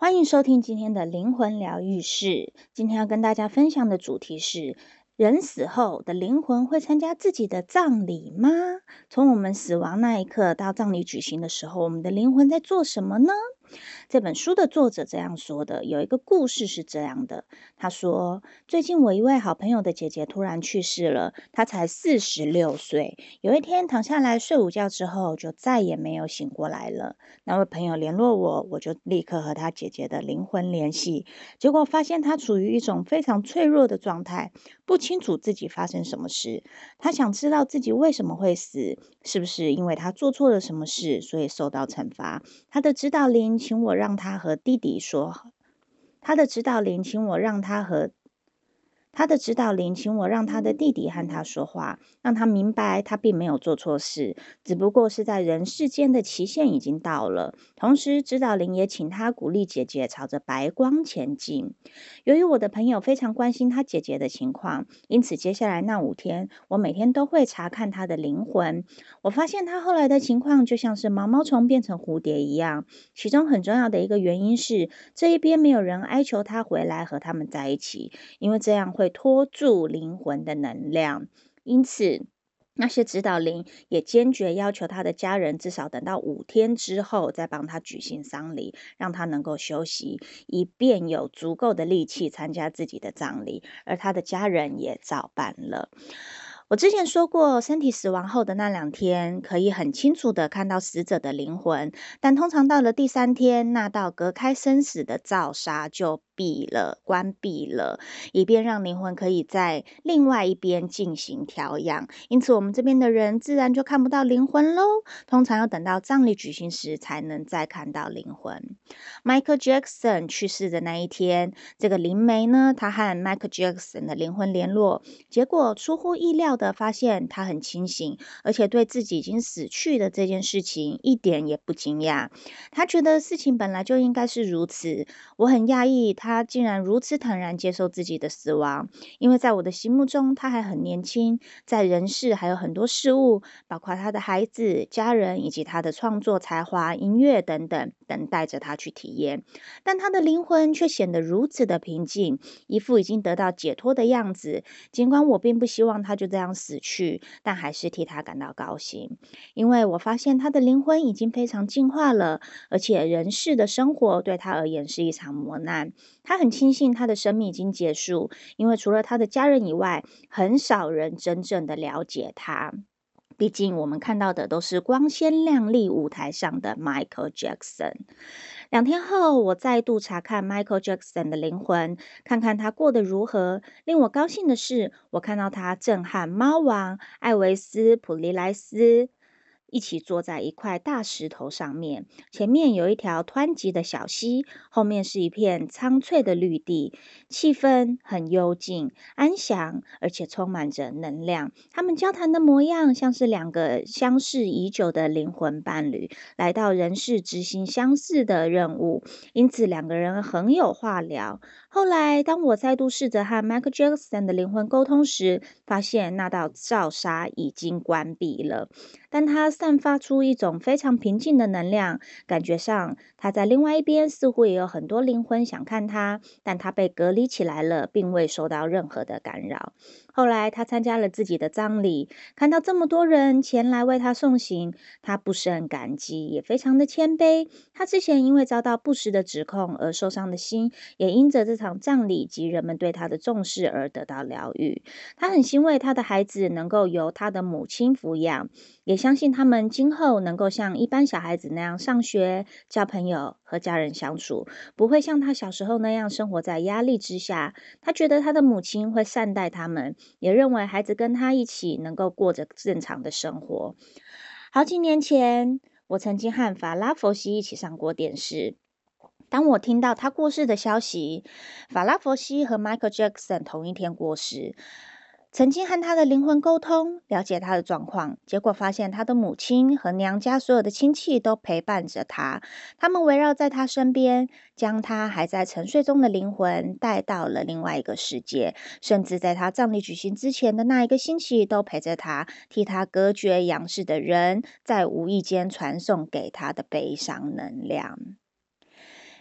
歡迎收聽今天的靈魂療癒室。今天要跟大家分享的主題是：人死後的靈魂會參加自己的葬禮嗎？從我們死亡那一刻到葬禮舉行的時候，我們的靈魂在做什麼呢？這本書的作者這樣說的：有一個故事是這樣的，他說，最近我一位好朋友的姐姐突然去世了，她才四十六歲。有一天躺下來睡午覺之後，就再也沒有醒過來了。那位、個、朋友聯絡我，我就立刻和她姐姐的靈魂聯繫，結果發現她處於一種非常脆弱的狀態，不清楚自己發生什麼事。她想知道自己為什麼會死，是不是因為她做錯了什麼事，所以受到懲罰？她的指導靈請我。讓他和弟弟說，他的指導靈請我讓他和。他的指導靈請我讓他的弟弟和他說話，讓他明白他並沒有做錯事，只不過是在人世間的期限已經到了。同時，指導靈也請他鼓勵姐姐朝着白光前進。由於我的朋友非常關心他姐姐的情況，因此接下來那五天，我每天都會查看他的靈魂。我發現他後來的情況就像是毛毛蟲變成蝴蝶一樣，其中很重要的一個原因是這一邊沒有人哀求他回來和他們在一起，因為這樣。會拖住靈魂的能量，因此那些指導靈也堅決要求他的家人至少等到五天之後再幫他舉行喪禮，讓他能夠休息，以便有足夠的力氣參加自己的葬禮，而他的家人也照辦了。我之前說過，身體死亡後的那兩天，可以很清楚地看到死者的靈魂，但通常到了第三天，那道隔開生死的罩紗就閉了，關閉了，以便讓靈魂可以在另外一邊進行調養。因此，我們這邊的人自然就看不到靈魂嘍。通常要等到葬禮舉行時，才能再看到靈魂。Michael Jackson 去世的那一天，這個靈媒呢，他和 Michael Jackson 的靈魂聯絡，結果出乎意料。的發現，他很清醒，而且對自己已經死去的這件事情一點也不驚訝。他覺得事情本來就應該是如此。我很訝異，他竟然如此坦然接受自己的死亡，因為在我的心目中，他還很年輕，在人世還有很多事物，包括他的孩子、家人以及他的創作才華、音樂等等。等待着他去體驗，但他的靈魂卻顯得如此的平靜，一副已經得到解脫的樣子。儘管我並不希望他就這樣死去，但還是替他感到高興，因為我發現他的靈魂已經非常進化了，而且人世的生活對他而言是一場磨難。他很慶幸他的生命已經結束，因為除了他的家人以外，很少人真正的了解他。畢竟，我們看到的都是光鮮亮麗舞台上的 Michael Jackson。兩天後，我再度查看 Michael Jackson 的靈魂，看看他過得如何。令我高興的是，我看到他震撼貓王，艾維斯普利萊斯。一起坐在一塊大石頭上面，前面有一條湍急的小溪，後面是一片蒼翠的綠地，氣氛很幽靜、安詳，而且充滿着能量。他們交談的模樣，像是兩個相識已久的靈魂伴侶來到人世執行相似的任務，因此兩個人很有話聊。後來，當我再度試着和 Michael Jackson 的靈魂溝通時，發現那道罩紗已經關閉了，但他，散發出一種非常平靜的能量，感覺上他在另外一邊似乎也有很多靈魂想看他，但他被隔離起來了，並未受到任何的干擾。後來他參加了自己的葬禮，看到這麼多人前來為他送行，他不勝感激，也非常的謙卑。他之前因為遭到不實的指控而受傷的心，也因着這場葬禮及人們對他的重視而得到療癒。他很欣慰他的孩子能夠由他的母親撫養，也相信他們今後能夠像一般小孩子那樣上學、交朋友、和家人相處，不會像他小時候那樣生活在壓力之下。他覺得他的母親會善待他們，也認為孩子跟他一起能夠過着正常的生活。好幾年前，我曾經和法拉佛西一起上過電視。當我聽到他過世的消息，法拉佛西和 Michael Jackson 同一天過世。曾經和他的靈魂溝通，了解他的狀況，結果發現他的母親和娘家所有的親戚都陪伴着他，他們圍繞在他身邊，將他還在沉睡中的靈魂帶到了另外一個世界，甚至在他葬禮舉行之前的那一個星期都陪着他，替他隔絕陽世的人在無意間傳送給他的悲傷能量。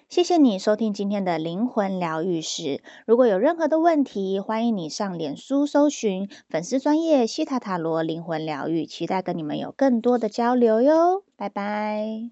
謝謝你收聽今天的靈魂療癒室。如果有任何的問題，歡迎你上臉書搜尋“粉絲專業希塔塔羅靈魂療癒”，期待跟你們有更多的交流喲。拜拜。